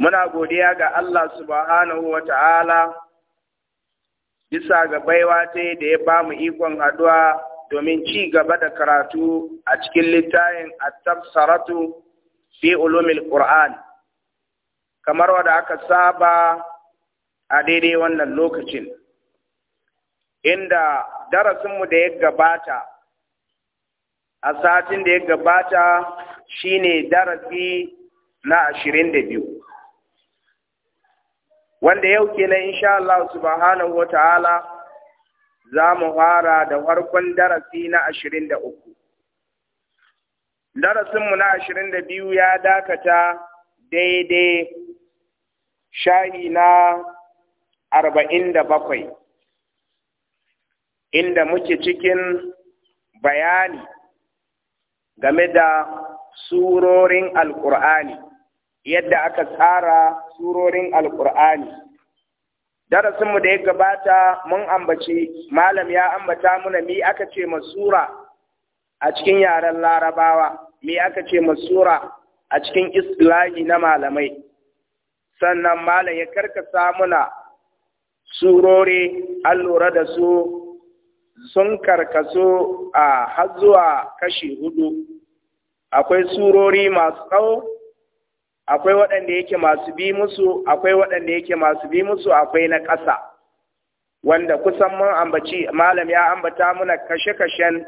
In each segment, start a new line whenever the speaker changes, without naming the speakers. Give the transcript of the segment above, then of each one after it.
muna godiya ga Allah subhanahu wa ta'ala bisa ga baiwa ta da ya ba mu ikon haduwa domin ci gaba da karatu a cikin littafin at-tafsaratu fi ulumil Qur'an kamar wanda aka saba a daidai wannan lokacin inda darasinmu da ya gabata a satin da ya gabata shine darasi na ashirin da wanda yau kenan insha Allah subhanahu wata'ala za mu fara da farkon darasi na ashirin da uku. Darasinmu na ashirin da biyu ya dakata daidai shahi na arba'in da bakwai, inda muke cikin bayani game da surorin Alƙur'ani. yadda aka tsara surorin alkur'ani darasinmu da ya gabata mun ambaci malam ya ambata muna mi aka ce masura a cikin yaren larabawa mi aka ce masura a cikin islahi na malamai sannan malam ya karkasa muna surori an lura da su sun karkaso a har zuwa kashi hudu akwai surori masu tsawo akwai waɗanda yake masu bi musu akwai waɗanda yake masu bi musu akwai na ƙasa wanda kusan mun ambaci malam ya ambata muna kashe-kashen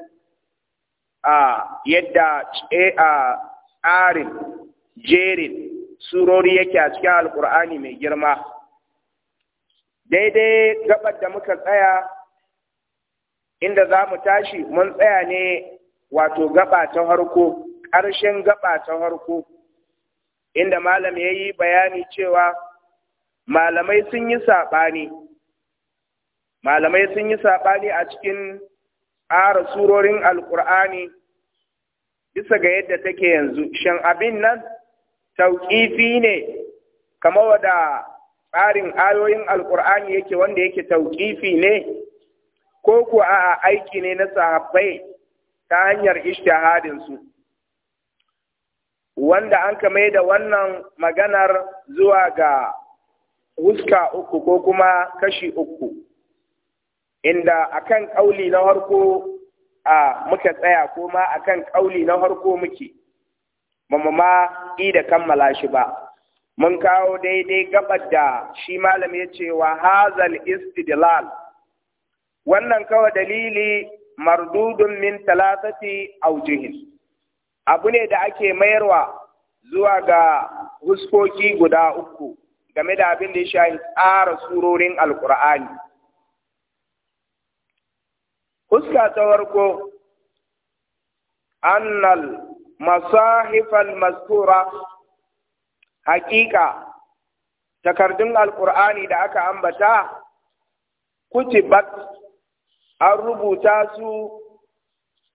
a yadda a tsarin jerin surori yake a cikin alkur'ani mai girma daidai gabar da muka tsaya inda za mu tashi mun tsaya ne wato gaba ta harko ƙarshen gaba ta harko inda malam ya yi bayani cewa malamai sun yi saɓani malamai sun yi saɓani a cikin ƙara surorin alƙur'ani bisa ga yadda take yanzu shan abin nan tauƙifi ne kama wada tsarin ayoyin alƙur'ani yake wanda yake tauƙifi ne ko kuwa a aiki ne na sahabbai ta hanyar ishtihadinsu wanda an ka mai da wannan maganar zuwa ga huska uku ko kuma kashi uku inda akan ƙauli na harko a muka tsaya ko ma akan ƙauli na harko muke ba mu ma da kammala shi ba mun kawo daidai gabar da shi malam ya ce wa hazal istidlal wannan kawai dalili mardudun min talatati aujihin abu ne da ake mayarwa zuwa ga huskoki guda uku game da abin da ya shahi tsara surorin alkur'ani huska ta farko annal masahifal mastura hakika takardun Alƙur'ani da aka ambata kutibat an rubuta su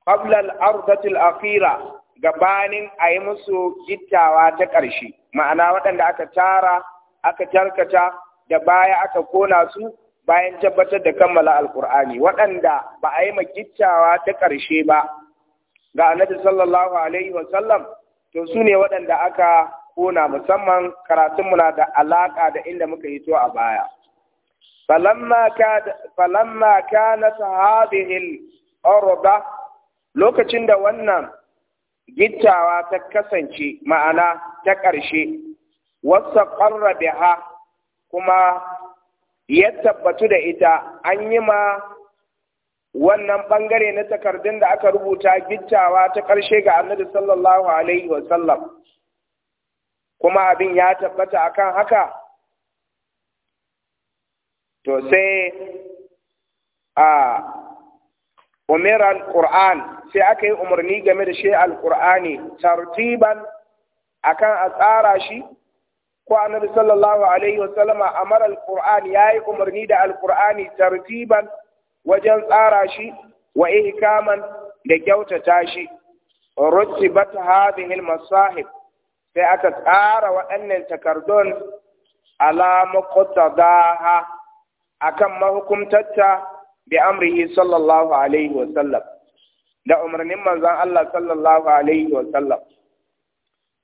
qabla al-ardatil akhira gabanin a yi musu gittawa ta ƙarshe ma'ana waɗanda aka tara aka tarkata da baya aka kona su bayan tabbatar da kammala Alƙur'ani. waɗanda ba a yi ma gittawa ta ƙarshe ba ga annabi sallallahu alaihi wasallam to su ne waɗanda aka kona musamman karatunmu na da alaƙa da inda muka yi to a baya falamma kanat hadhihi al lokacin da wannan gittawa ta kasance ma'ana ta ƙarshe wasa ƙarra ha, kuma ya tabbatu da ita an yi ma wannan ɓangare na takardun da aka rubuta gittawa ta ƙarshe ga annabi sallallahu alaihi wasallam kuma abin ya tabbata akan haka to sai a umira alquran sai aka yi umarni game da shi Al-Qur'ani. tartiban akan a tsara shi ko annabi sallallahu alaihi wa sallama amara alqur'ani yayi umarni da alqur'ani tartiban wajen tsara shi wa ihkaman da kyautata shi rutibat hadhihi masahib sai aka tsara waɗannan takardun ala muqtadaha akan mahukumtarta bi amrihi sallallahu alaihi wa sallam da umarnin manzon Allah sallallahu alaihi wa sallam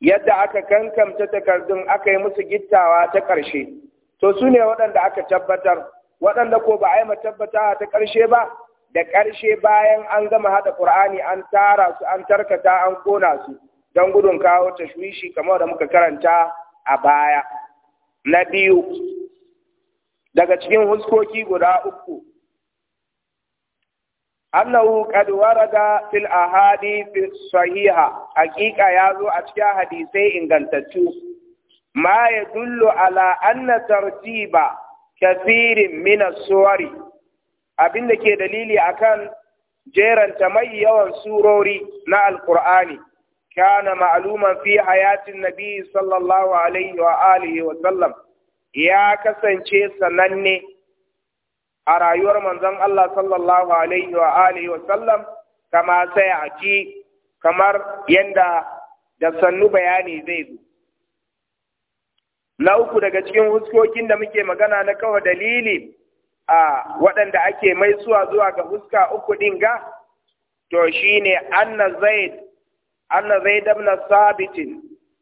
yadda aka kankamta takardun aka yi musu gittawa ta ƙarshe to su ne waɗanda aka tabbatar waɗanda ko ba a yi ma tabbatawa ta ƙarshe ba da ƙarshe bayan an gama haɗa ƙur'ani an tara su an tarkata an kona su don gudun kawo tashwishi kamar da muka karanta a baya na biyu daga cikin huskoki guda uku annahu qad warada fil ahadith sahiha ya zo a cikin hadisai ingantattu ma yadullu ala anna tartiba kathirin min as-suwari abinda ke dalili akan jeranta mai yawan surori na Alƙur'ani. kana ma'luman fi hayatin nabi sallallahu alaihi wa alihi ya kasance sananne a rayuwar manzon Allah sallallahu alaihi wa alihi wa sallam kama sai a ci kamar yanda da sannu bayani zai zo na uku daga cikin huskokin da muke magana na kawai dalili a waɗanda ake mai suwa zuwa ga huska uku ɗin ga to shine anna zaid anna zaid ibn sabit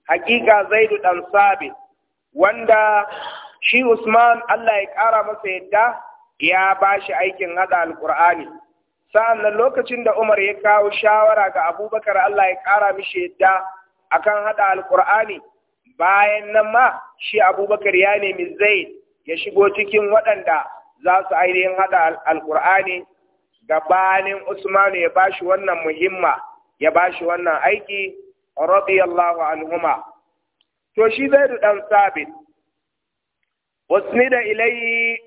hakika zaid dan sabit wanda shi usman Allah ya ƙara masa yadda ya ba shi aikin hada alkur'ani sa'annan lokacin da Umar ya kawo shawara ga Abubakar Allah ya ƙara mishi yadda akan haɗa Alƙur'ani bayan nan ma shi Abubakar ya nemi zai ya shigo cikin waɗanda za su ainihin hada ga gabanin Usman ya ba shi wannan muhimma ya ba shi wannan aiki radiyallahu anhuma to shi dan Sabit da ilayhi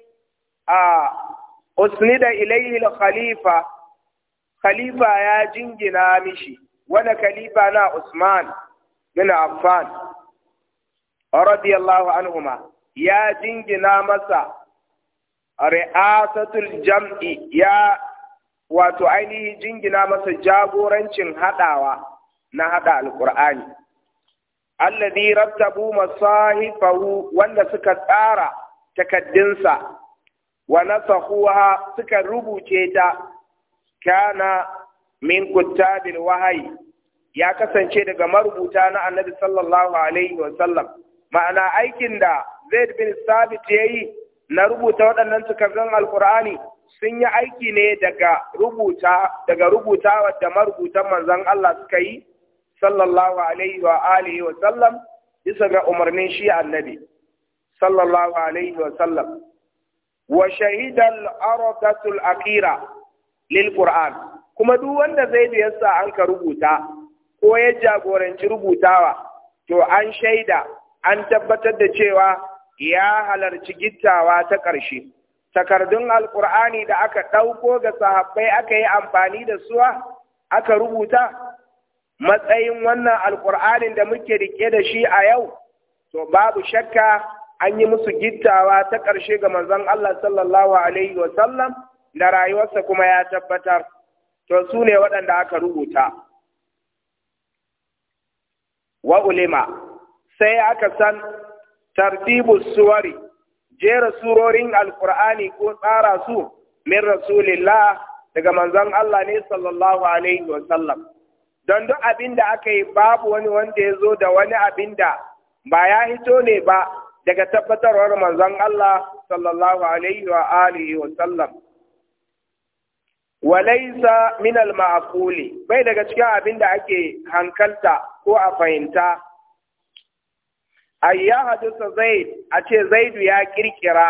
a usnida ilayhi khalifa khalifa ya jingina mishi wani khalifa na Usman bin Affan radiyallahu anhuma ya jingina masa ri'asatul jam'i ya wato ainihi jingina masa jagorancin haɗawa na haɗa alƙur'ani alladhi rattabu masahifahu wanda suka tsara takaddinsa wa nasakhuha suka rubuce ta kana min kuttabil wahayi ya kasance daga marubuta na annabi sallallahu alaihi wa sallam ma'ana aikin da Zaid bin Sabit yayi na rubuta waɗannan takardun alkur'ani sun yi aiki ne daga rubuta daga rubutawa da marubutan manzon Allah suka yi sallallahu alaihi wa alihi wa sallam bisa ga umarnin shi annabi sallallahu alaihi wa sallam wa shahidal aradatul akira lil qur'an kuma duk wanda zai ya yasa an ka rubuta ko ya jagoranci rubutawa to an shaida an tabbatar da cewa ya halarci gittawa ta ƙarshe takardun alƙur'ani da aka ɗauko ga sahabbai aka yi amfani da suwa aka rubuta matsayin wannan alƙur'anin da muke rike da shi a yau to babu shakka an yi musu gittawa ta ƙarshe ga manzon Allah sallallahu alaihi wa da rayuwarsa kuma ya tabbatar to su ne waɗanda aka rubuta wa ulima sai aka san tartibu suwari jera surorin alkur'ani ko tsara su min rasulillah daga manzon Allah ne sallallahu alaihi wa don duk abin da aka yi babu wani wanda ya zo da wani abin da ba ya hito ne ba daga tabbatarwar manzon Allah sallallahu alaihi wa alihi wa sallam walaisa min al-ma'quli bai daga cikin abin da ake hankalta ko a fahimta ayya hadisa zaid a ce zaidu ya kirkira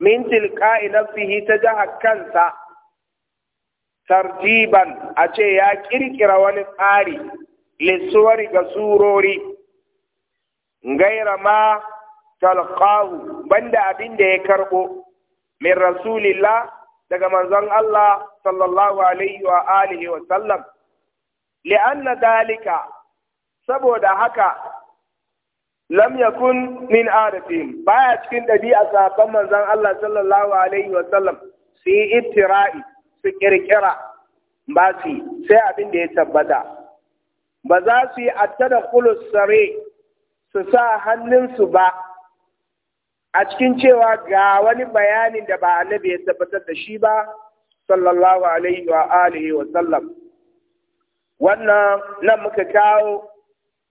min tilqa'i nafsihi ta jaha kansa tarjiban a ce ya kirkira wani tsari lissuwari ga surori Gairama ma banda abin da ya karɓo, mai rasulillah daga manzon Allah sallallahu alaihi wa wa sallam li'anna dalika saboda haka lam yakun min baya cikin ɗabi'a sahabban manzon Allah sallallahu alaihi wa sallam su yi ittira'i su ƙirƙira ba sai abin da ya tabbata ba za su yi attadakhulus sare su sa hannunsu ba a cikin cewa ga wani bayanin da ba annabi ya tabbatar da shi ba sallallahu alaihi wa alihi wa sallam wannan nan muka kawo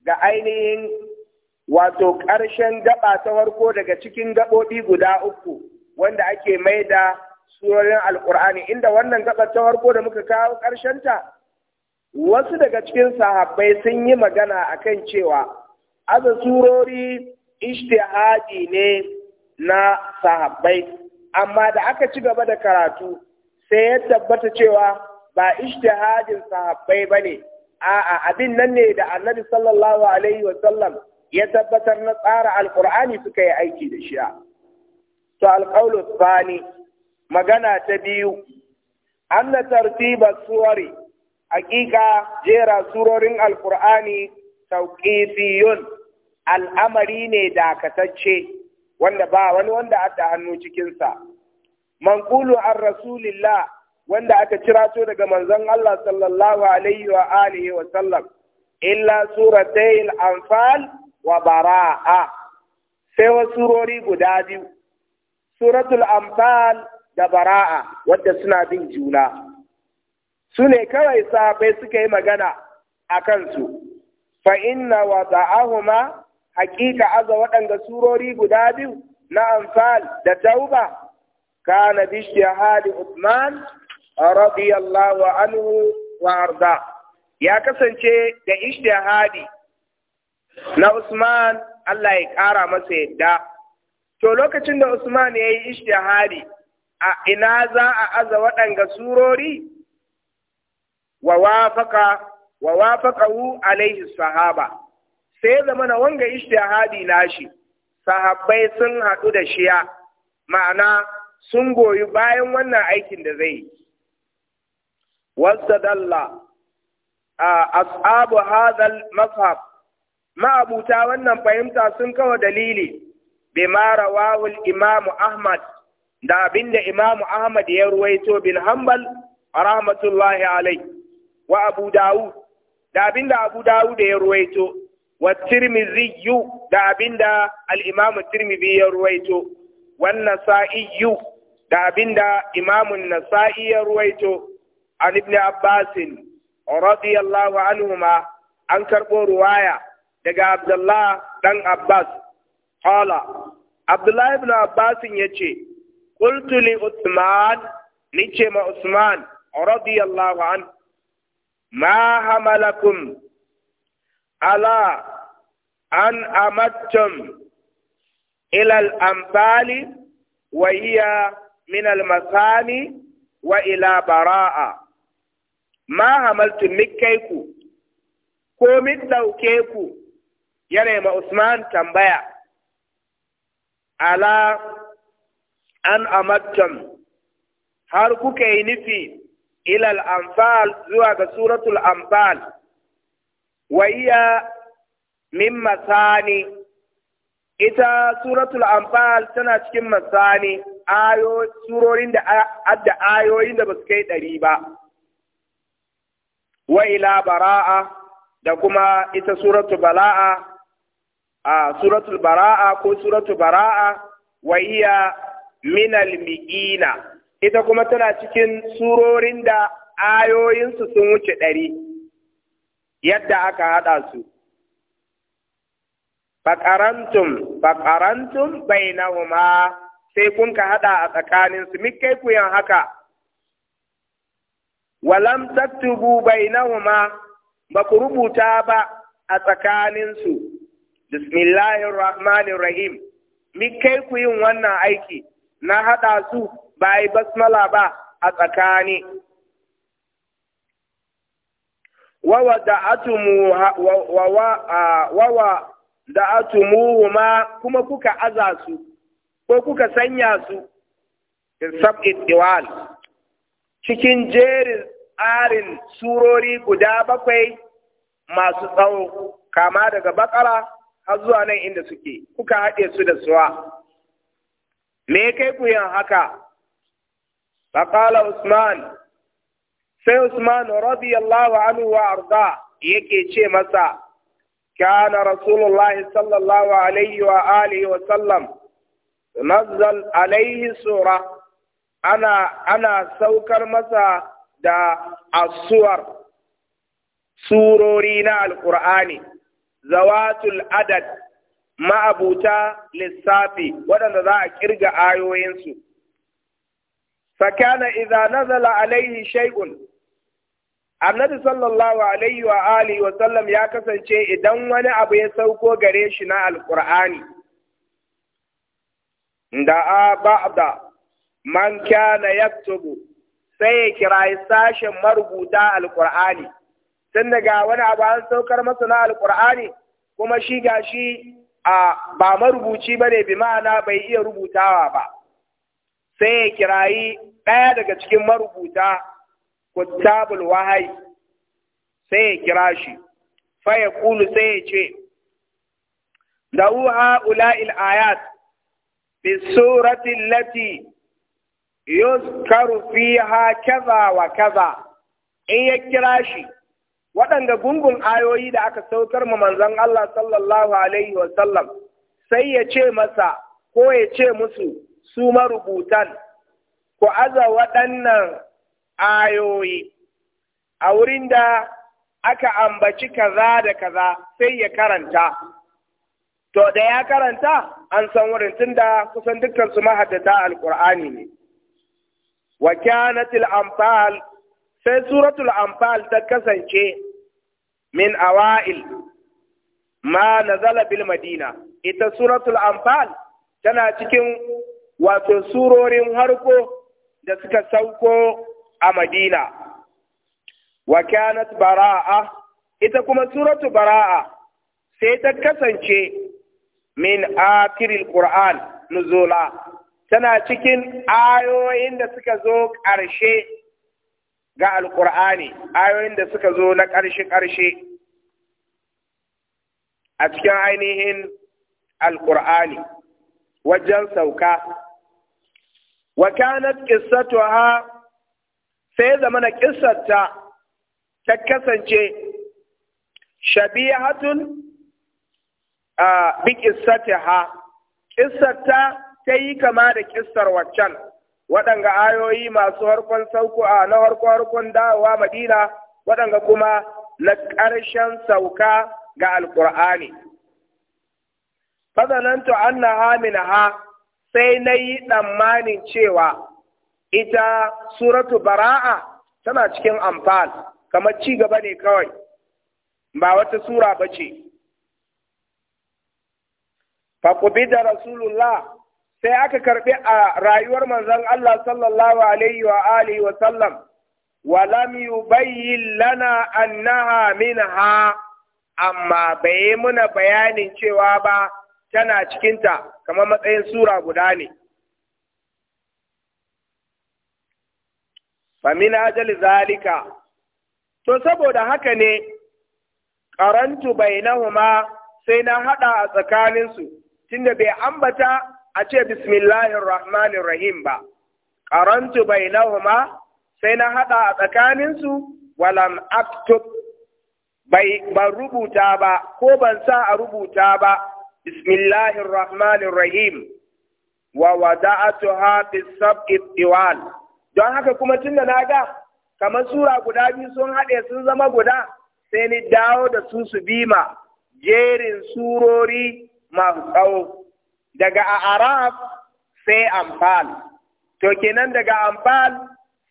ga ainihin wato ƙarshen gaba ta farko daga cikin gaɓoɓi guda uku wanda ake mai da surorin alƙur'ani inda wannan gaba ta farko da muka kawo ƙarshenta ta wasu daga cikin sahabbai sun yi magana akan cewa aza surori ijtihadi ne na sahabbai amma da aka ci gaba da karatu sai ya tabbata cewa ba ijtihadin sahabbai ba ne. a'a abin nan ne da annabi sallallahu alaihi wa ya tabbatar na tsara alkur'ani suka yi aiki da shi to alqawlu thani magana ta biyu anna tartiba suwari hakika jera surorin alqur'ani tawqifiyun al'amari ne dakatacce wanda ba wani wanda aka hannu cikinsa manqulu an rasulillah wanda aka to daga manzon Allah sallallahu alaihi wa alihi wa sallam illa suratayil anfal wa bara'a sai wasu surori guda biyu suratul anfal da bara'a wadda suna bin juna su ne kawai safe suka yi magana a kansu fa inna wada'ahuma hakika aza waɗanda surori guda biyu na anfal da tauba kana bi shahadi Usman radiyallahu anhu wa arda ya kasance da ishtihadi na Usman Allah ya ƙara masa yadda to lokacin da Usman ya yi ishtihadi a ina za a aza waɗanga surori wa wafaka wa wafaqahu alaihi sahaba sai ya zama na wanga ishtihadi shi. sahabbai sun haɗu da shiya ma'ana sun goyi bayan wannan aikin da zai yi a asabu hadal Mashab, ma'abuta wannan fahimta sun kawo dalili mara wawul imamu ahmad da abinda imamu ahmad ya ruwaito bin hanbal rahmatullahi alai wa abu dawud da abinda abu dawud ya ruwaito wa tirmidhiyu da abinda al'imamu imamu tirmidhi ya ruwaito wan nasa'iyu da abinda imamu nasa'i ya ruwaito an ibn abbas radiyallahu anhuma an karɓo ruwaya daga abdullah dan abbas qala abdullah ibn abbas yace qultu li uthman nice ma usman radiyallahu an ma hamalakum ala an amattum ilal al wa hiya min al wa ila bara'a ma hamaltu mikkaiku ko min dauke ku yana ma Usman tambaya ala an amattum har kuka yi nufi ilal anfal zuwa ga suratul amfal wahiya min masani ita suratul anfal tana cikin masani ayo surorin da ayoyin da basu kai ɗari ba Waila bara'a da kuma ita suratul bala'a suratul bara'a ko suratul bara'a wa hiya min al ita kuma tana cikin surorin da ayoyinsu sun wuce ɗari yadda aka haɗa su faƙarantum faƙarantum bainahuma sai kun ka haɗa a tsakaninsu mikai ku haka walam taktubu bainahuma ba ku rubuta ba a tsakaninsu bismillahir rahmanir rahim ku yin wannan aiki na haɗa su ba yi basmala ba a tsakani wawa da atumuhuma kuma kuka aza su ko kuka sanya su sab'id diwal cikin jerin tsarin surori guda bakwai masu tsawo kama daga bakara har zuwa nan inda suke kuka haɗe su da suwa me kai ku yin haka faƙala usman sai Usman radiyallahu anhu wa arda yake ce masa kana rasulullahi sallallahu alaihi wa wa sallam nazzal alaihi sura ana ana saukar masa da asuwar surori na Alƙur'ani, zawatul adad ma'abuta lissafi waɗanda za a ƙirga ayoyinsu fakana idza nazala alaihi shay'un annabi sallallahu alaihi wa alihi wa sallam ya kasance idan wani abu ya sauko gare shi na alqur'ani da a ba'da man kana yaktubu sai ya kirayi sashen marubuta alqur'ani tun daga wani abu an saukar masa na alqur'ani kuma shi gashi a ba marubuci bane bi ma'ana bai iya rubutawa ba sai ya kirayi ɗaya daga cikin marubuta kuttabul wahayi sai ya shi fa ya kulu sai ya ce da ha ula'il ayat bi surati lati yuzkaru fiha kaza wa kaza in ya kira shi waɗanda gungun ayoyi da aka saukar ma manzon Allah sallallahu alaihi wa sallam sai ya ce masa ko ya ce musu su marubutan ku aza waɗannan ayoyi a wurin da aka ambaci kaza da kaza sai ya karanta to da ya karanta an san wurin tunda kusan dukkan su mahaddata alqur'ani ne wa kanatil sai suratul amfal ta kasance min awail ma nazala bil madina ita suratul amfal tana cikin wato surorin harko da suka sauko a Madina. Wa bara'a, ita kuma suratu bara'a sai ta kasance min akiril Qur'an nuzula tana cikin ayoyin da suka zo ƙarshe ga Alƙur'ani, ayoyin da suka zo na ƙarshe-ƙarshe a cikin ainihin Alƙur'ani wajen sauka. Wa kanat qissatuha sai zama na ƙisarta ta kasance hatun a bi ha ƙissarta ta yi kama da ƙisar waccan waɗanga ayoyi masu harkon sauko a na harkon harkon dawowa madina waɗanga kuma na ƙarshen sauka ga alƙur'ani fazanantu annaha ha, sai na yi tsammanin cewa ita suratu bara'a tana cikin amfal, kamar ci gaba ne kawai ba wata sura ba ce faƙubi da rasulullah sai aka karɓi a rayuwar manzon Allah sallallahu alaihi wa alihi wa sallam wa lam yubayyin lana amma bai muna bayanin cewa ba tana cikinta kamar matsayin sura guda ne famin ajal zalika to saboda haka ne karantu bainahuma sai na hada a tsakaninsu tunda bai ambata a ce bismillahir rahmanir rahim ba karantu bainahuma sai na hada a tsakaninsu walam aktub bai ban rubuta ba ko ban sa a rubuta ba bismillahir rahmanir rahim wa wada'atuha bis sab'i don haka kuma tun da na ga kamar sura guda biyu sun haɗe sun zama guda sai ni dawo da su su bima jerin surori masu tsawo daga araf sai amfal to kenan daga amfal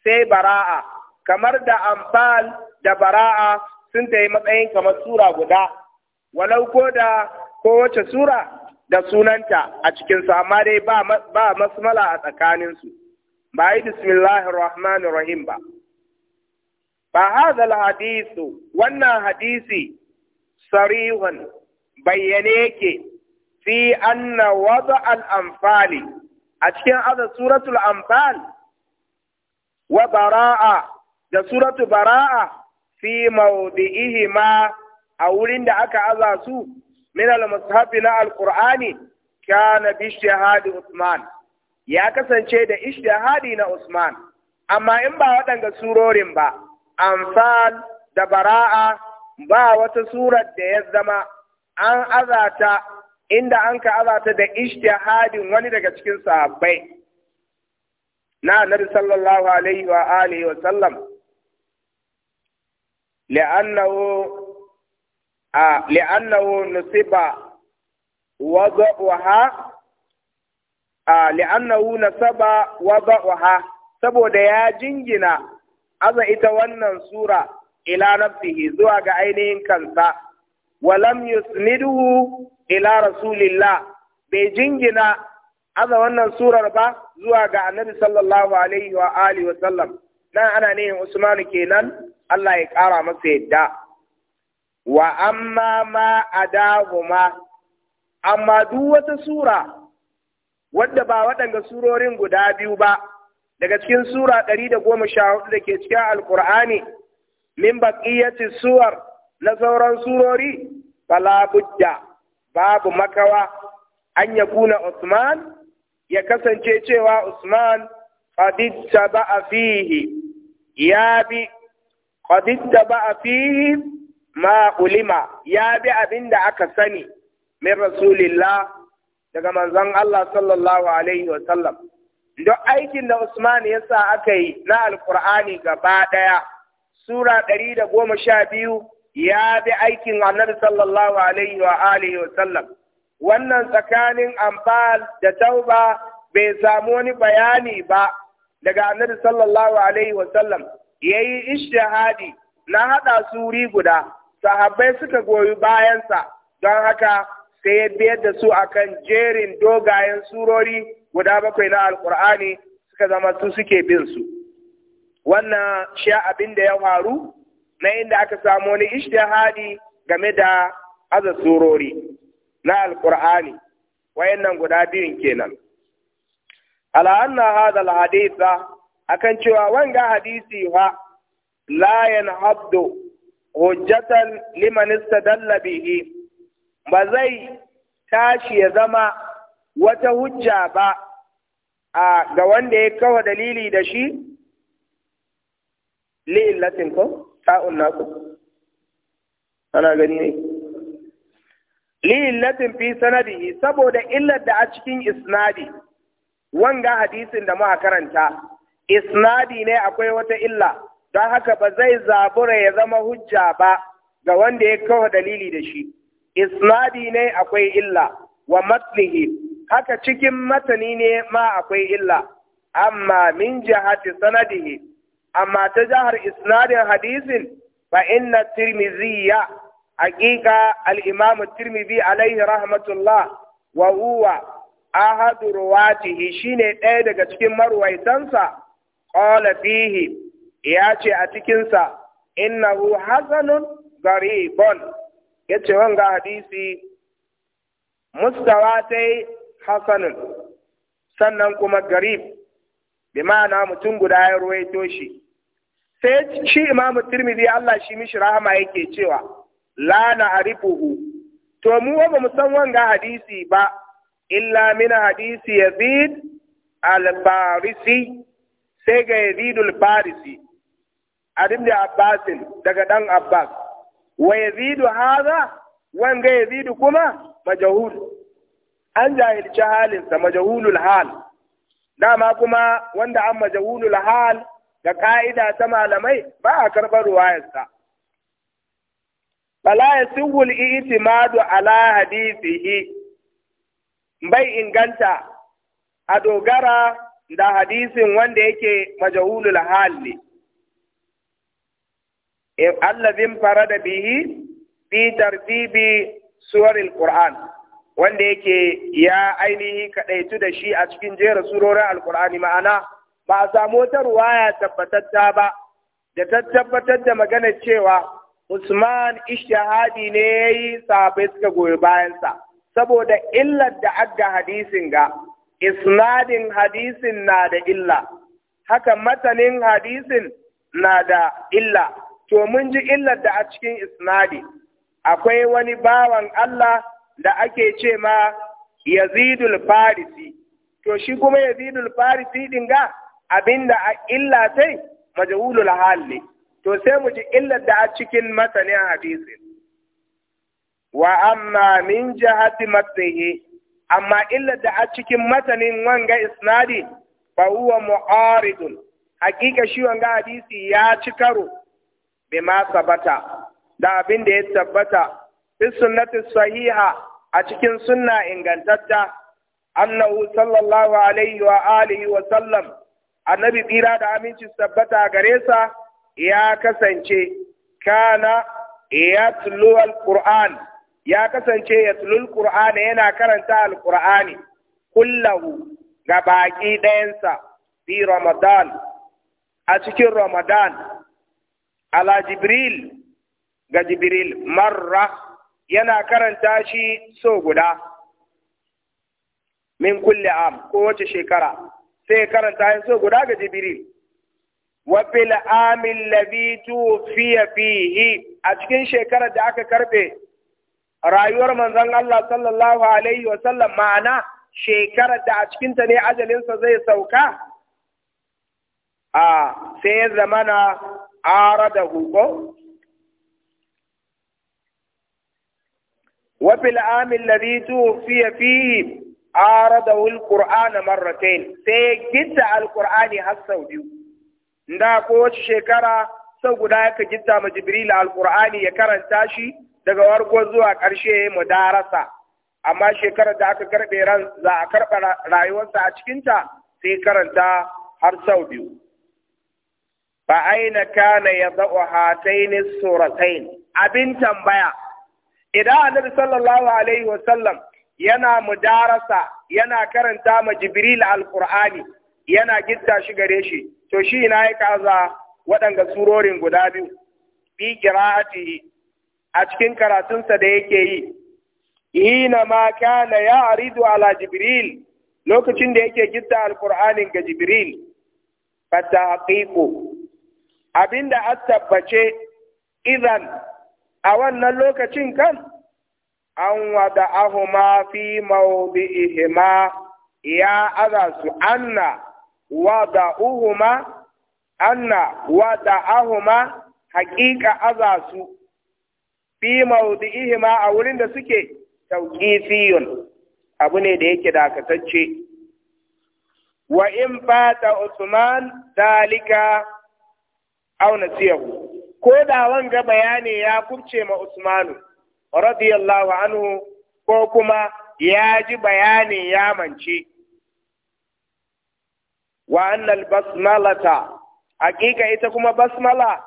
sai bara'a kamar da amfal da bara'a sun ta yi matsayin kamar sura guda walau ko da kowace sura da sunanta a cikinsu amma dai ba masmala a tsakaninsu. ba yi bismillahir rahmanir rahim ba ba hadal hadisu wannan hadisi sarihun bayyane yake fi anna wada al anfali a cikin aza suratul anfal wa bara'a da suratu bara'a fi ma a wurin da aka aza su min al na al-qur'ani kana bi shahadi usman ya kasance da ishtihadi na Usman amma in ba waɗanga surorin ba amsal da bara'a ba wata surar da ya zama an azata inda an ka azata da ishtihadin wani daga cikin sahabbai na annabi sallallahu alaihi wa alihi wa sallam li'annahu a li'annahu nusiba wa li'annahu nasaba wa ba'uha saboda ya jingina aza ita wannan sura ila nafsihi zuwa ga ainihin kansa walam yusniduhu ila rasulillah bai jingina aza wannan surar ba zuwa ga annabi sallallahu alaihi wa alihi wa sallam nan ana ne Usmanu kenan Allah ya kara masa yadda wa amma ma ma. amma duk wata sura wadda ba waɗanga surorin guda biyu ba daga cikin sura ɗari da goma sha hudu da ke cikin alkur'ani min ci suwar na sauran surori fala budda babu makawa an ya kuna Usman ya kasance cewa Usman ba a fihi ya bi ba a fihi ma ulima ya bi abin da aka sani min rasulillah daga manzon Allah sallallahu alaihi wa sallam duk aikin da Usman ya sa aka yi na alkur'ani gaba ɗaya sura ɗari da goma sha biyu ya bi aikin annabi sallallahu alaihi wa alihi wa sallam wannan tsakanin amfal da tauba bai samu wani bayani ba daga annabi sallallahu alaihi wa sallam yayi ishtihadi na haɗa suri guda sahabbai suka goyi bayansa don haka sai ya biyar da su akan jerin dogayen surori guda bakwai na alkur'ani suka zama su suke bin su wannan sha abin da ya faru na inda aka samu wani ishtihadi game da aza surori na alkur'ani wayannan guda biyun kenan ala anna hadha alhaditha akan cewa wanga hadisi fa la yanhaddu hujjatan liman istadalla bihi ba zai tashi ya zama wata hujja ba a ga wanda ya kawo dalili da shi latin ko ta'un naku ana gani ne latin fi sanadi saboda illar da a cikin isnadi wanga hadisin da muka karanta isnadi ne akwai wata illa don haka ba zai zabura ya zama hujja ba ga wanda ya kawo dalili da shi isnadi ne akwai illa wa matnihi haka cikin matani ne ma akwai illa amma min jihati sanadihi amma ta jihar isnadin hadisin fa inna tirmidhiya haqiqa al-imam tirmizi alaihi rahmatullah wa huwa ahadu ruwatihi shine ɗaya daga cikin marwaitansa qala fihi ya ce a cikinsa innahu hasanun garibun ya ce wanga hadisi mustawa ta yi hasanun sannan kuma garib bi ma'ana mutum guda ya ruwaito shi sai shi imamu tirmidhi Allah shi mishi rahama yake cewa la na to mu ba mu san wanga hadisi ba illa min hadisi yazid al-farisi sai ga yazid al-farisi A da abbasin daga dan abbas wa yazidu hadha wanga yazidu kuma majahul an jahilci halinsa majhulul hal dama kuma wanda an majhulul hal ga ka'ida ta malamai ba a karɓar ruwayarsa fala yasihu al-i'timadu ala hadithihi bai inganta a dogara da hadisin wanda yake majhulul hal ne fara da bihi fi tartibi suwaril Qur'an wanda yake ya ainihi kadaitu da shi a cikin jera surorin alkur'ani ma'ana ba a samu wata ruwaya tabbatatta ba da ta tabbatar da magana cewa Usman ishahadi ne yayi sahabbai suka goyi bayansa saboda illar da adda hadisin ga isnadin hadisin na da illa haka matanin hadisin na da illa to mun ji illar da a cikin isnadi akwai wani bawan Allah da ake ce ma Yazidul Farisi to shi kuma Yazidul Farisi din ga abinda a illa sai majhulul halli to sai mu ji illar da a cikin masanin hadisin wa amma min jihati matsayi amma illar da a cikin masanin wanga isnadi fa huwa mu'aridun hakika shi wanga hadisi ya ci karo bima sabata da abin da ya tabbata fi sunnati sahiha a cikin sunna ingantatta annahu sallallahu alaihi wa alihi wa sallam annabi tsira da aminci tabbata gare sa ya kasance kana tulu alquran ya kasance tulu alquran yana karanta alqur'ani kullahu ga baki ɗayansa fi ramadan a cikin ramadan ala jibril ga jibril marra yana karanta shi so guda min kulli am kowace shekara sai karanta shi so guda ga jibril wa fil amil ladhi tufiya fihi a cikin shekarar da aka karbe rayuwar manzon Allah sallallahu alaihi wa sallam ma'ana shekarar da a cikin ta ne ajalinsa zai sauka a sai ya zamana aradahu ko وفي العام الذي توفي فيه عارضه القرآن مرتين سيجد القرآن حسو بيو دا kowace shekara sau guda yaka gitta ma Jibril Alƙur'ani ya karanta shi daga warko zuwa ƙarshe darasa amma shekarar da aka karbe ran za a karɓa rayuwarsa a cikinta sai karanta har sau biyu fa aina kana yadau hataini suratain abin tambaya idan annabi sallallahu alaihi sallam yana mudarasa yana karanta ma jibril alqur'ani yana gitta shi gare shi to shi ina ya kaza waɗanga surorin guda biyu bi qira'atihi a cikin karatunsa da yake yi hina ma kana ya'ridu ala jibril lokacin da yake gitta alqur'anin ga jibril fata haqiqu Abin da an tabbace idan a wannan lokacin kan an wada ahuma fi ihima ya aza su anna wada uhuma anna wada ahuma haƙiƙa aza su fi ihima a wurin da suke fiyun abu ne da yake dakatacce wa in fata Usman dalika Auna nasiyahu ko da wanga bayani ya kubce ma Usmanu radiyallahu anhu ko kuma ya ji bayanin ya mance wa annal basmalata hakika ita kuma basmala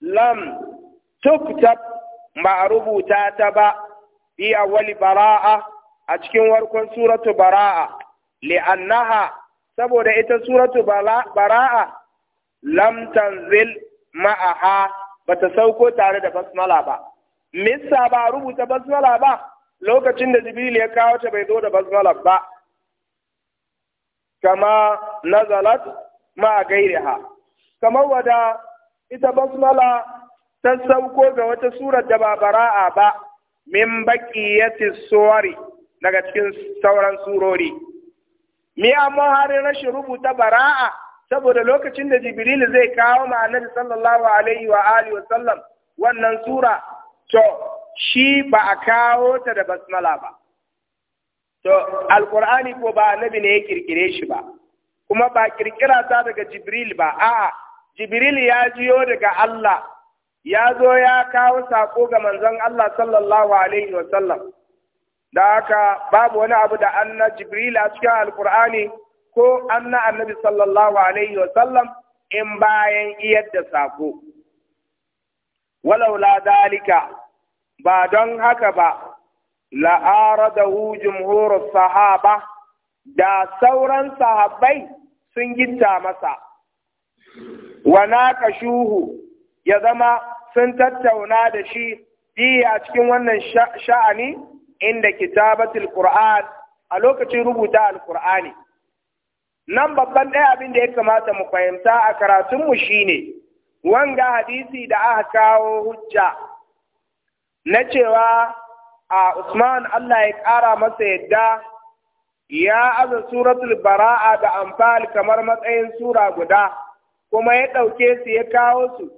lam tuktab ba rubuta ta ba bi awwali bara'a a cikin warkon suratu bara'a li'annaha saboda ita suratu bara'a lam tanzil ma'aha ba ta sauko tare da basmala ba missa ba a rubuta basmala ba lokacin da jibril ya kawo ta bai zo da basmala ba kama nazalat ma gairiha kamar wada ita basmala ta sauko ga wata surar da ba bara'a ba min baqiyati suwari daga cikin sauran surori mi amma har rashin rubuta bara'a saboda lokacin da jibril zai kawo ma annabi sallallahu alaihi wa alihi wa sallam wannan sura to shi ba a kawo ta da basmala ba to alqur'ani ko ba annabi ne ya kirkire shi ba kuma ba kirkira ta daga jibril ba a'a jibril ya jiyo daga Allah ya zo ya kawo sako ga manzon Allah sallallahu alaihi wa sallam da haka babu wani abu da anna jibril a cikin alqur'ani ko an na annabi sallallahu alaihi wa sallam in bayan iyar da sako walaula dalika ba don haka ba da jumhurus sahaba da sauran sahabbai sun ginta masa wa shuhu ya zama sun tattauna da shi a cikin wannan sha'ani inda kitabatul qur'an a lokacin rubuta alqur'ani nan babban ɗaya abin da ya kamata mu fahimta a karatunmu shi ne. wanga hadisi da aka kawo hujja na cewa a Usman Allah ya ƙara masa yadda ya aza suratul bara'a da amfal kamar matsayin sura guda kuma ya ɗauke su ya kawo su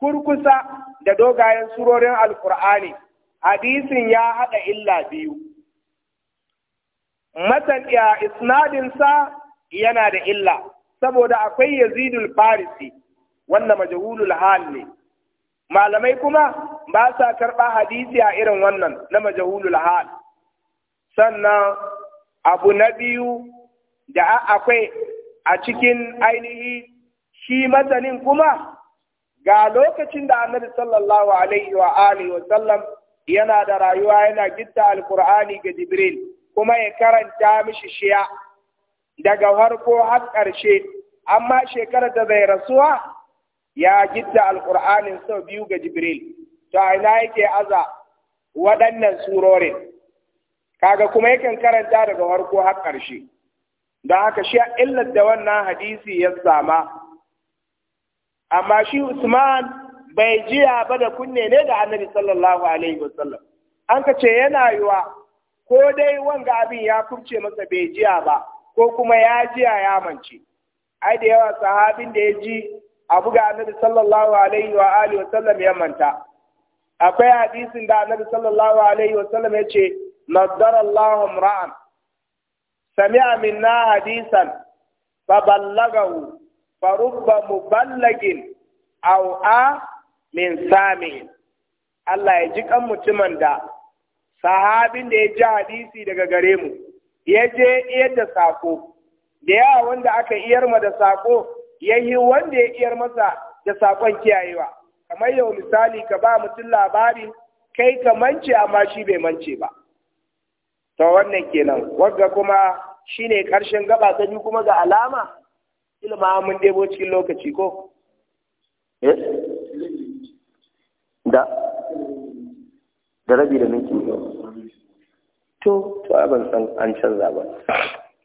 kurkusa da dogayen surorin alkur'ani hadisin ya haɗa illa biyu matan ya isnadinsa yana da illa saboda akwai yazidul farisi wannan majhulul hal ne malamai kuma ba sa karɓa hadisi a irin wannan na majahulul hal sannan abu na biyu da akwai a cikin ainihi shi mazanin kuma ga lokacin da annabi sallallahu alaihi wa alihi wa sallam yana da rayuwa yana gitta alqur'ani ga jibril kuma ya karanta mishi shiya daga harko har ƙarshe amma shekarar da bai rasuwa ya gitta alƙur'anin sau biyu ga jibril to a ina yake aza waɗannan surorin kaga kuma yakan karanta daga harko har ƙarshe don haka shi illar da wannan hadisi ya sama amma shi usman bai jiya ba da kunne ne da annabi sallallahu alaihi wasallam an ka ce yana yiwa ko dai wanga abin ya kurce masa bai jiya ba ko kuma ya ji a yamance ai da yawa sahabin da ya ji abu ga annabi sallallahu alaihi wa alihi wasallam ya manta akwai hadisin da annabi sallallahu alaihi wasallam ya ce nazarallahu imra'an sami'a minna hadisan fa ballagahu fa rubba muballagin aw a min sami Allah ya ji kan mutumin da sahabin da ya ji hadisi daga gare mu ya je iyar da sako da yawa wanda aka iyar ma da sako ya yi wanda ya iyar masa da sakon kiyayewa kamar yau misali ka ba mutum labari kai ka mance amma shi bai mance ba to wannan kenan wagga kuma shine karshen gaba ta biyu kuma ga alama ilma mun debo cikin lokaci ko eh? da da rabi da minti ne. to to ban san an canza ba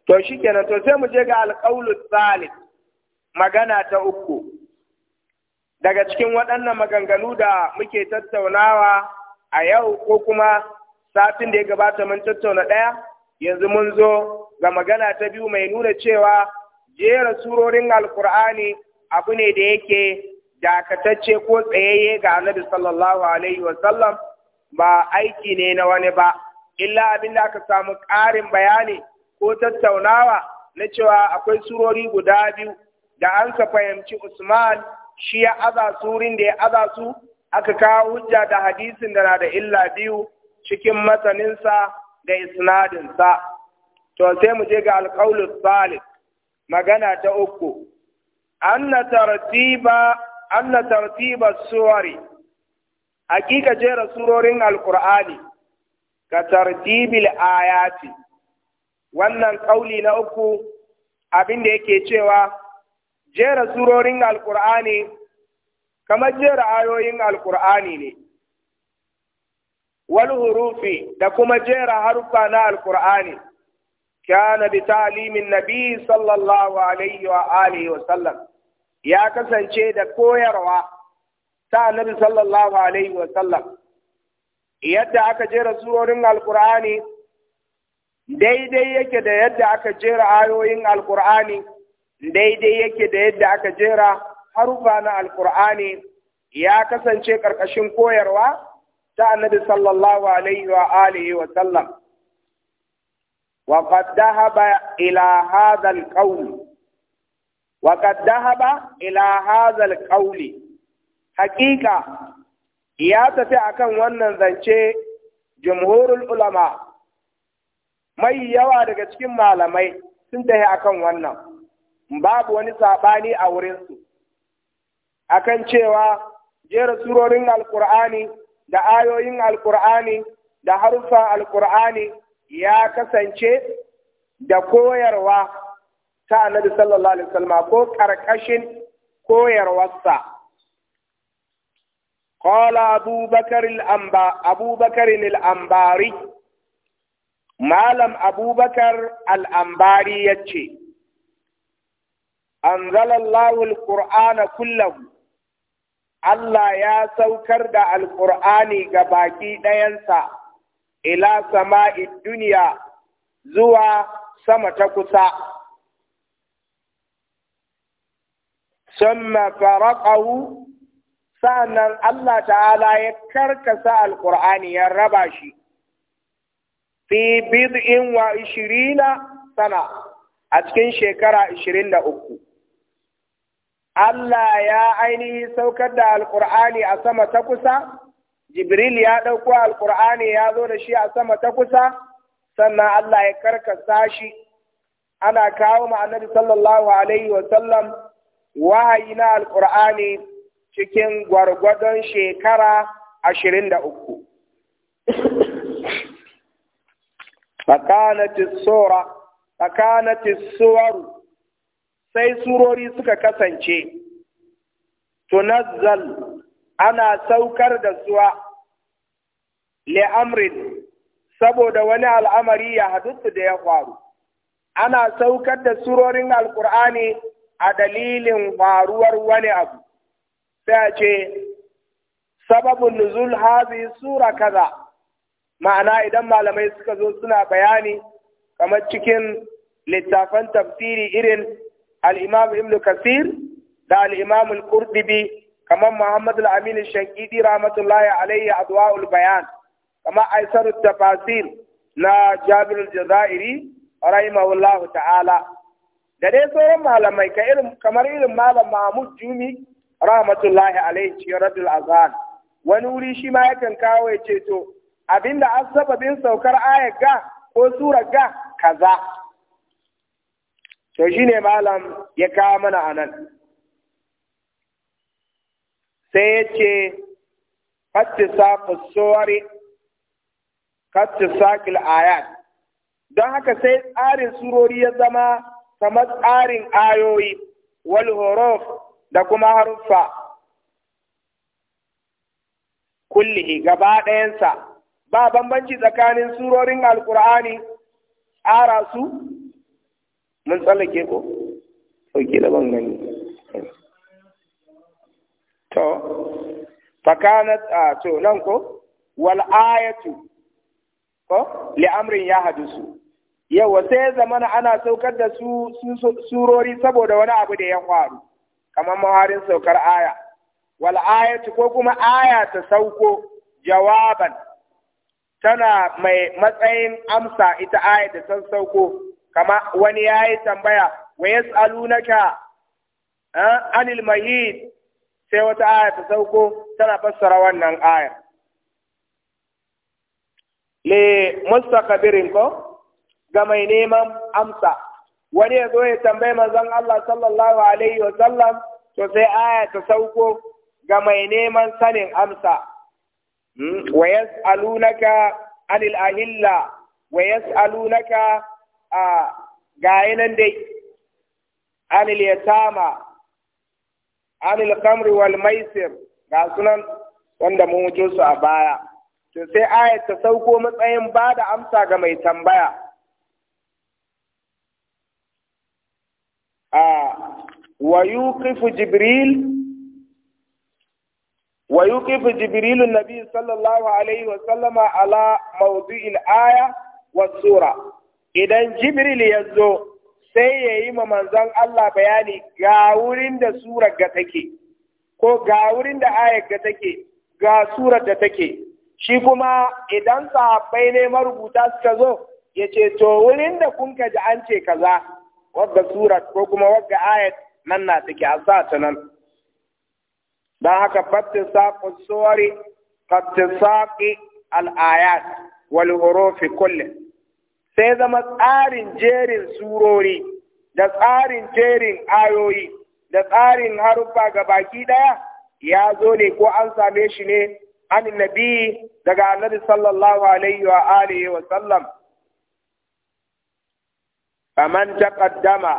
to shikenan to sai mu je ga alqaulu salih magana ta uku daga cikin waɗannan maganganu da muke tattaunawa a yau ko kuma satin da ya gabata mun tattauna ɗaya yanzu mun zo ga magana ta biyu mai nuna cewa jera surorin alkur'ani abu ne da yake dakatacce ko tsayayye ga annabi sallallahu alaihi wasallam ba aiki ne na wani ba illa abinda aka samu ƙarin bayani ko tattaunawa na cewa akwai surori guda biyu da an ka fahimci Usman shi ya aza surin da ya aza su aka kawo hujja da hadisin da na da illa biyu cikin masaninsa da isnadinsa. To sai mu je ga alƙaulu salih magana ta uku. Anna tartiba tartiba suwari hakika jera surorin Alƙur'ani. ka tartibil ayati wannan kauli na uku abin da yake cewa jera surorin alkur'ani kamar jera ayoyin alkur'ani ne wal hurufi da kuma jera harfa na alkur'ani kana bi ta'limin nabi sallallahu alaihi wa alihi wa sallam ya kasance da koyarwa ta annabi sallallahu alaihi wa sallam yadda aka jera surorin alkur'ani daidai yake da yadda aka jera ayoyin alkur'ani daidai yake da yadda aka jera harufa na alkur'ani ya kasance ƙarƙashin koyarwa ta annabi sallallahu alaihi wa alihi wa sallam wa qad dhahaba ila hadha al-qawl wa qad ila hadha al-qawl ya tafi akan wannan zance jumhurul ulama mai yawa daga cikin malamai sun tafi akan wannan babu wani saɓani a wurinsu akan cewa jera surorin alkur'ani da ayoyin alkur'ani da haruffan alkur'ani ya kasance da koyarwa ta annabi sallallahu alaihi wasallam ko karkashin koyarwarsa قال أبو بكر الأنبا أبو بكر الأنباري مالم أبو بكر الأنباري يتشي أنزل الله القرآن كله Allah ya saukar da Alƙur'ani ga baki ɗayansa ila sama'i duniya zuwa sama ta kusa. Summa sa'annan Allah ta'ala ya karkasa alƙur'ani ya raba shi fi bid'in wa ishirina sana a cikin shekara ishirin da uku. Allah ya ainihi saukar da alƙur'ani a sama ta kusa, Jibril ya ɗauko alƙur'ani ya zo da shi a sama ta kusa, sannan Allah ya karkasa shi. Ana kawo ma annabi sallallahu Alaihi wasallam wahayi na alƙur'ani cikin gwargwadon shekara ashirin da uku. Tsakanati suwaru sai surori suka kasance, tunazzal ana saukar da suwa li'amrin saboda wani al'amari ya hadutu da ya faru. Ana saukar da surorin Alƙur'ani a dalilin faruwar wani abu. sai a ce sababin nuzul hazi sura kaza ma'ana idan malamai suka zo suna bayani kamar cikin littafan tafsiri irin al-imam ibn kasir da al-imam al-qurtubi kamar muhammad al-amin al-shankidi rahmatullahi alayhi adwaul bayan kamar aisar tafasir na jabir al-jazairi rahimahullahu ta'ala da dai sauran malamai kamar irin malam mahmud jumi rahmatullahi alaihi shi radul azan wani wuri shi ma yakan kawo ya ce to abinda an sababin saukar ayar ga ko sura ga kaza to shi ne malam ya kawo mana a nan. sai ya ce fattisaqus suwari kattisaqil ayat don haka sai tsarin surori ya zama kamar tsarin ayoyi wal horof da kuma haruffa kullihi gaba ɗayansa ba bambanci tsakanin surorin alkur'ani tsara su mun tsallake ko sauke da ban gani to fakanat a to nan ko wal ayatu ko li amrin ya hadusu yawa sai zamana ana saukar da su surori saboda wani abu da ya faru kamar mawarin saukar aya wal ayatu ko kuma aya ta sauko jawaban tana mai matsayin amsa ita aya da san sauko kama wani yayi tambaya wa yas'alunaka anil mayyit sai wata aya ta sauko tana fassara wannan aya le mustaqbirin ko ga mai neman amsa wani ya zo ya tambayi manzon Allah sallallahu alaihi wa sallam to sai aya ta sauko ga mai neman sanin amsa hmm? wa yas'alunaka anil ahilla wa yas'alunaka a gayi nan dai anil yatama anil khamri wal maisir ga sunan wanda mun wuce su a baya to sai aya ta sauko matsayin ba da amsa ga mai tambaya a wa yuqifu jibril wa yuqifu jibril sallallahu alaihi wa sallama ala maudu il'aya wa sura idan jibril ya zo sai ya yi ma manzon Allah bayani ga wurin da surar ga take ko ga wurin da ayar ga take ga surar da take shi kuma idan sahabbai ne marubuta suka zo ya ce to wurin da kun ka ji an ce kaza wagga sura ko kuma wagga ayat nan na take a sa ta nan don haka fattin saƙo suwari fattin al al'ayat wal huruf sai zama tsarin jerin surori da tsarin jerin ayoyi da tsarin haruffa ga baki ɗaya ya zo ne ko an same shi ne an nabi daga annabi sallallahu alaihi wa alihi wa sallam faman taqaddama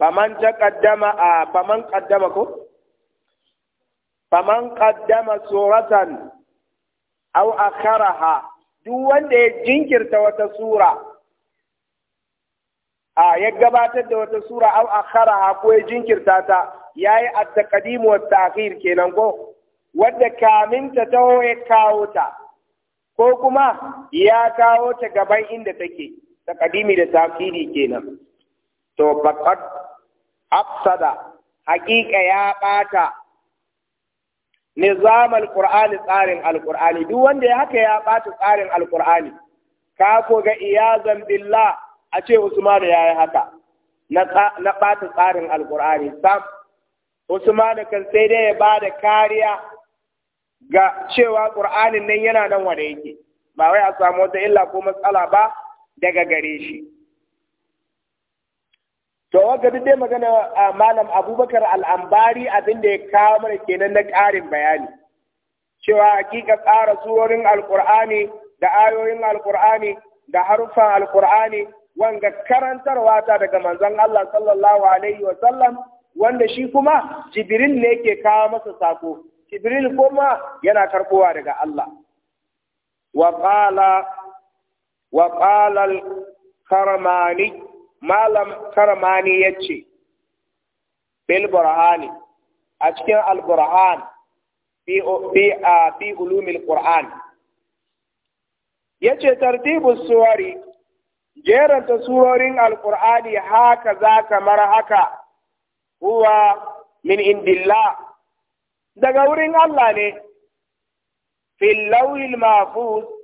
faman taqaddama a ah, faman ko faman suratan duk wanda ya jinkirta sura a ah, ya gabatar da wata sura aw akharaha ko ya jinkirta ta yayi at-taqdim wa ta'khir kenan ko wadda kamin ta taho ya kawo ta ko kuma ya kawo ta gaban inda take takadimi da tasiri kenan to faqad afsada haƙiƙa ya ɓata nizam alqur'ani tsarin alqur'ani duk wanda ya haka ya ɓata tsarin alqur'ani ka ko ga iyazan billah a ce Usman ya yi haka na ɓata tsarin alqur'ani sam Usman kan sai dai ya bada kariya ga cewa qur'anin nan yana nan wada yake ba wai a samu wata illa ko matsala ba daga gare shi to wanda duk dai magana a malam abubakar al'ambari abin da ya kawo mana kenan na ƙarin bayani cewa hakika tsara surorin alƙur'ani da ayoyin alƙur'ani da harufan alƙur'ani wanga karantarwa ta daga manzon Allah sallallahu alaihi Wasallam, wanda shi kuma jibril ne ke kawo masa sako jibril kuma yana karkowa daga Allah wa qalal karamani malam karamani yace bil burhani a cikin al fi fi a fi ulumil qur'an yace tartibu suwari jeranta surorin al haka za kamar haka huwa min indillah daga wurin Allah ne fil lawhil mahfuz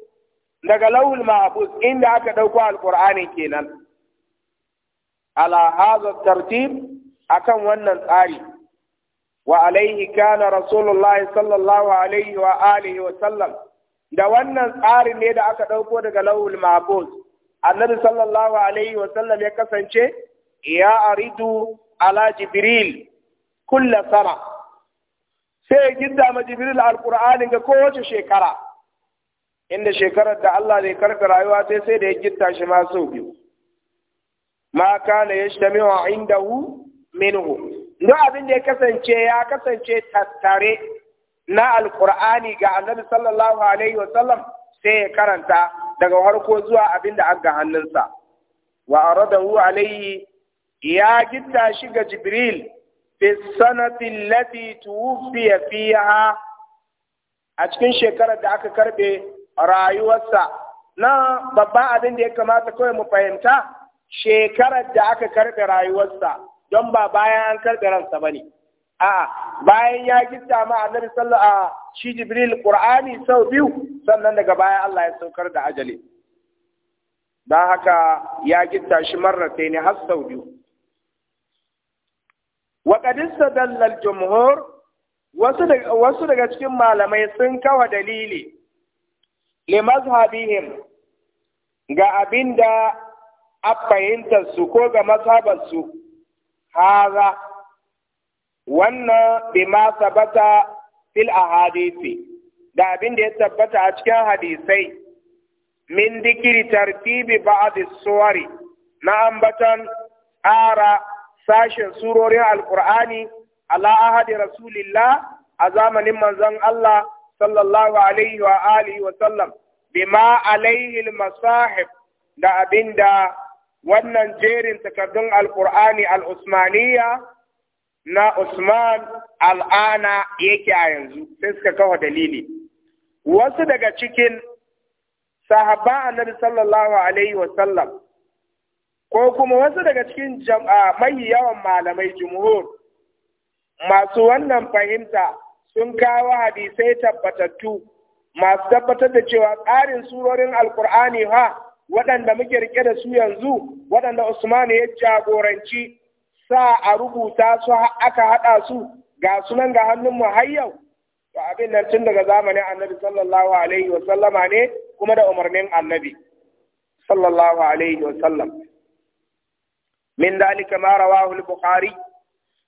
daga lawul mahfuz inda aka dauko alqur'ani kenan ala hadha tartib akan wannan tsari wa alaihi kana rasulullahi sallallahu alaihi wa alihi wa sallam da wannan tsari ne da aka dauko daga lawul mahfuz annabi sallallahu alaihi wa sallam ya kasance ya aridu ala jibril kulla sara sai ya gidda ma jibril alqur'ani ga kowace shekara inda shekarar da Allah zai karka rayuwa sai sai da ya gitta shi ma sau biyu ma kana 'inda indahu minhu duk abin da ya kasance ya kasance tattare na alkur'ani ga annabi sallallahu alaihi wasallam sai ya karanta daga harko zuwa abin da an ga hannunsa wa aradahu alaihi ya gitta shi ga jibril fi sanati lati tuwfiya fiha a cikin shekarar da aka karbe rayuwarsa na babban abin da ya kamata kawai mu fahimta shekarar da aka karɓe rayuwarsa don ba bayan an karɓe ransa ba ne a'a bayan ya gitta ma annabi sallu a shi jibril Ƙur'ani sau biyu sannan daga baya Allah ya saukar da ajali don haka ya gitta shi marrata ne har sau biyu wa qad jumhur wasu daga cikin malamai sun kawa dalili limazhabihim ga abin da su ko ga su haza wannan bima sabata fil hadisi, da abin da ya tabbata a cikin hadisai min dikiri tartibi ba'd suwari na ambatan ara sashen surorin alqur'ani ala ahadi rasulillah a zamanin manzon Allah sallallahu alaihi wa alihi wa sallam bima alaihi masahib da abinda wannan jerin takardun alqur'ani al-usmaniya na Usman al'ana yake a yanzu sai suka kawo dalili wasu daga cikin sahaba annabi sallallahu alaihi wa sallam ko kuma wasu daga cikin jama'a mai yawan malamai jumhur masu wannan fahimta sun kawo hadisai tabbatattu masu tabbatar da cewa tsarin surorin alkur'ani ha waɗanda muke rike da su yanzu waɗanda Usman ya jagoranci sa a rubuta su aka haɗa su ga sunan ga hannunmu har yau to abin nan tun daga zamanin annabi sallallahu alaihi wa sallama ne kuma da umarnin annabi sallallahu alaihi wa sallam min dalika ma rawahu al-bukhari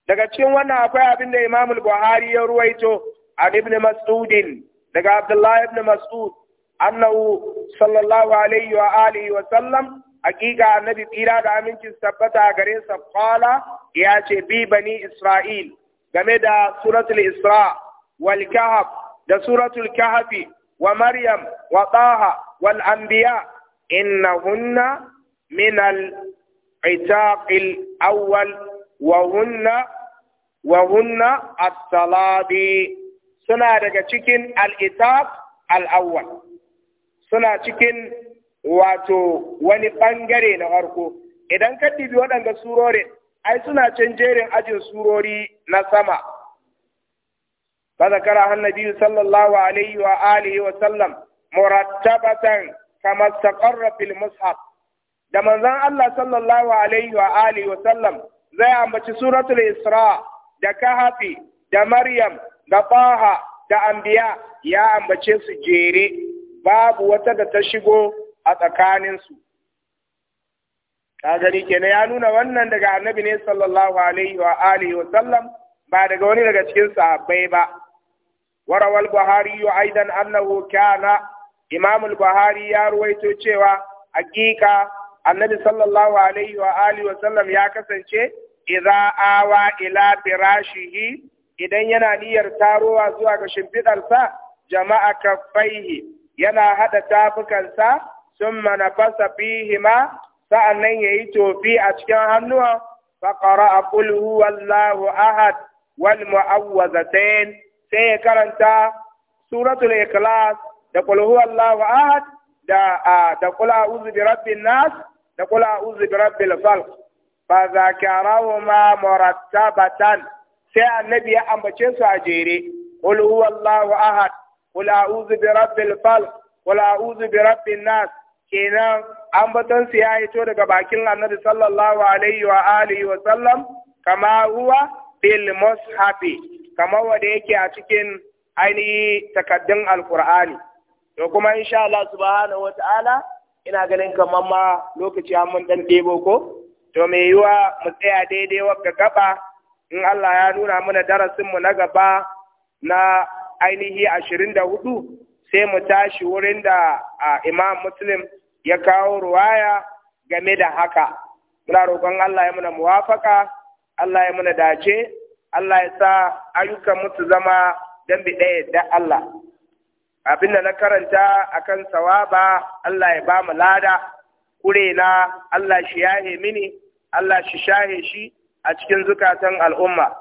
daga cikin wannan akwai abin da Imam Buhari ya ruwaito a Ibn Mas'udin daga Abdullah ibn Mas'ud annahu sallallahu alaihi wa alihi wa sallam hakika annabi tsira da amincin tabbata a gare sa qala ya ce bi bani Isra'il game da suratul Isra wal Kahf da suratul Kahf wa Maryam wa Taha wal anbiya innahunna min al itaqil awwal wa hunna wa hunna suna daga cikin al-itab suna cikin wato wani ɓangare na farko idan ka dibi waɗanda surorin ai suna can jerin ajin surori na sama فذكر sallallahu alaihi الله عليه وآله وسلم مرتبة كما استقر في المصحف da manzon Allah sallallahu alaihi wa alihi wa sallam zai ambaci suratul Isra da kahafi da maryam da baha da ambiya ya ambace su jere babu wata da ta shigo a tsakaninsu ka gani kenan ya nuna wannan daga annabi ne sallallahu alaihi wa alihi wa sallam ba daga wani daga cikin sahabbai ba warawal buhari yu aidan annahu kana imam al-buhari ya ruwaito cewa hakika annabi sallallahu alaihi wa alihi wa sallam ya kasance idza awa ila firashihi idan yana niyyar tarowa zuwa ga shimfidarsa jama'a kaffaihi yana hada tafukansa summa nafasa fihima sa'annan yayi tofi a cikin hannuwa fa qara'a qul huwallahu ahad wal mu'awwazatayn sai ya karanta suratul ikhlas da qul huwallahu ahad da da qul a'udhu bi rabbin nas da qul a'udhu bi rabbil falq fa zakarahuma murattabatan sai annabi ya ambace su a jere qul huwallahu ahad qul a'udhu bi rabbil falq qul a'udhu bi rabbin nas kenan ambatan su ya hito daga bakin annabi sallallahu alaihi wa alihi wa sallam kama huwa bil mushafi kama wanda yake a cikin ainihi takaddun alqur'ani to kuma insha Allah subhanahu wa ta'ala ina ganin kamar ma lokaci mun dan debo ko to mai yiwa mu tsaya daidai wagga gaba in Allah ya nuna mana darasin mu na gaba na ainihi ashirin da hudu sai mu tashi wurin da imam muslim ya kawo ruwaya game da haka muna roƙon Allah ya muna muwafaka Allah ya muna dace Allah ya sa ayyukan mutu zama don bi ɗaya da Allah abinda na karanta akan sawaba Allah ya ba mu lada kure na Allah shi yahe mini Allah shi shahe shi a cikin zukatan al'umma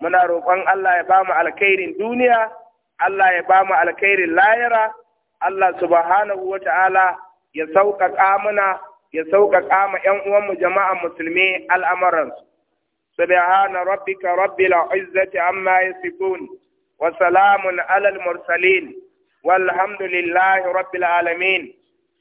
muna roƙon Allah ya bamu alkairin duniya Allah ya ba mu alkhairin layara Allah subhanahu wa ta'ala ya sauƙaƙa muna ya sauƙaƙa ma ‘yan uwanmu jama'a musulmi al'amuransu. Subhana rabbika rabbil izzati amma yasifun wa salamun alal mursalin walhamdulillahi rabbil alamin.